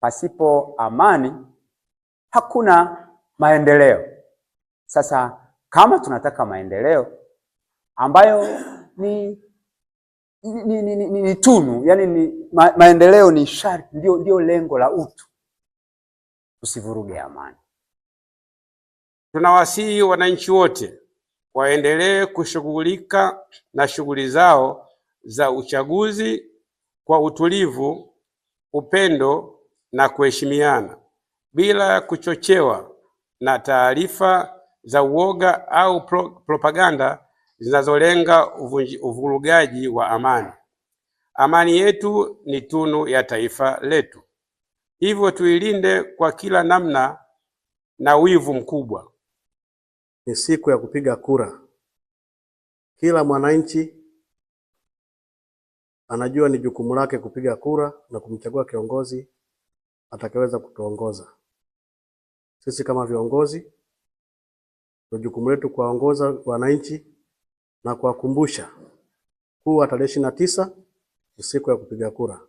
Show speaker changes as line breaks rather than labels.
Pasipo amani hakuna maendeleo. Sasa kama tunataka maendeleo ambayo ni ni, ni, ni, ni tunu yani ni, ma, maendeleo ni sharti, ndio, ndio lengo la utu, tusivuruge amani.
Tunawasihi wananchi wote waendelee kushughulika na shughuli zao za uchaguzi kwa utulivu, upendo na kuheshimiana bila kuchochewa na taarifa za uoga au pro propaganda zinazolenga uvurugaji wa amani. Amani yetu ni tunu ya taifa letu, hivyo tuilinde kwa kila namna na wivu mkubwa.
Ni siku ya kupiga kura. Kila mwananchi anajua ni jukumu lake kupiga kura na kumchagua kiongozi atakayeweza kutuongoza sisi kama viongozi. Ndio jukumu letu kuwaongoza wananchi na kuwakumbusha kuwa tarehe ishirini na tisa ni siku ya kupiga kura.